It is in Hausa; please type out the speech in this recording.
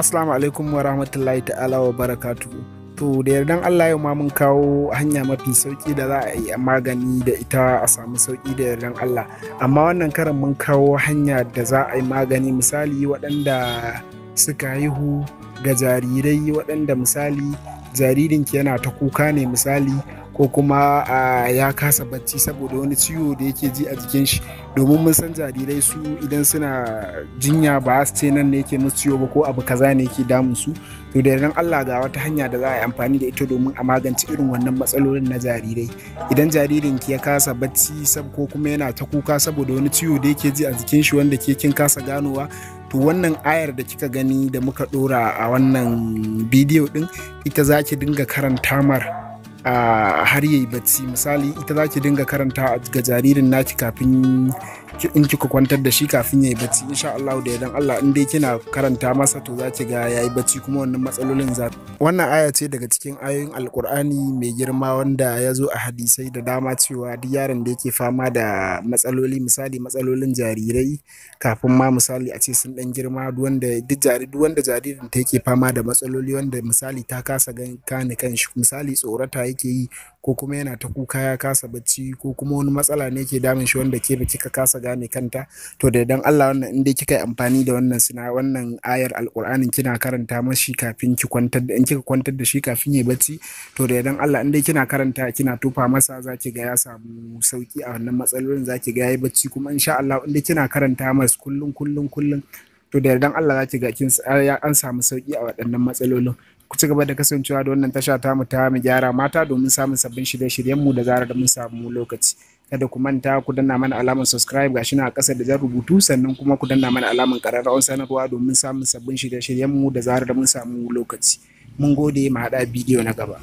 Assalamu alaikum wa rahmatullahi ta'ala wa barakatuhu. To da yardan Allah yau ma mun kawo hanya mafi sauki da za a yi magani da ita a samu sauki da yardan Allah. Amma wannan karan mun kawo hanya da za a yi magani misali waɗanda suka haihu ga jarirai waɗanda misali jaririnki yana ta kuka ne misali ko kuma ya kasa bacci saboda wani ciwo da yake ji a jikin shi domin mun san jarirai su idan suna jinya ba su ce nan ne yake musu ciwo ba ko abu kaza ne yake damun su to da ran Allah ga wata hanya da za a yi amfani da ita domin a magance irin wannan matsalolin na jarirai idan jaririn ki ya kasa bacci sab ko kuma yana ta kuka saboda wani ciwo da yake ji a jikin shi wanda ke kin kasa ganowa to wannan ayar da kika gani da muka dora a wannan bidiyo din ita za ki dinga karanta mar a har yayi bacci misali ita za ki dinga karanta ga jaririn naki kafin in kika kwantar da shi kafin yayi bacci insha Allah da idan Allah in dai kina karanta masa to za ki ga yayi bacci kuma wannan matsalolin za wannan aya ce daga cikin ayoyin alkur'ani mai girma wanda ya zo a hadisai da dama cewa duk yaron da yake fama da matsaloli misali matsalolin jarirai kafin ma misali a ce sun dan girma duk wanda duk wanda jaririn ta yake fama da matsaloli wanda misali ta kasa gani kani kanshi misali tsorata yake yi ko kuma yana ta kuka ya kasa bacci ko kuma wani matsala ne ke damun shi wanda ke ba kika kasa gane kanta to da dan Allah wannan in kika yi amfani da wannan suna wannan ayar alqur'anin kina karanta mashi kafin ki kwantar da in kika kwantar da shi kafin ya bacci to da dan Allah in dai kina karanta kina tufa masa zaki ga ya samu sauki a wannan matsalolin zaki ga yayi bacci kuma insha Allah in kina karanta masa kullun kullun kullun to da yardan Allah za ki ga kin an samu sauki a waɗannan matsalolin ku ci gaba da kasancewa da wannan tasha ta mu ta mu gyara mata domin samun sabbin shirye-shiryen mu da zarar da mun samu lokaci kada ku manta ku danna mana alamar subscribe gashi na a ƙasa da jan rubutu sannan kuma ku danna mana alamar ƙararrawar sanarwa domin samun sabbin shirye-shiryen mu da zarar da mun samu lokaci mun gode mu haɗa bidiyo na gaba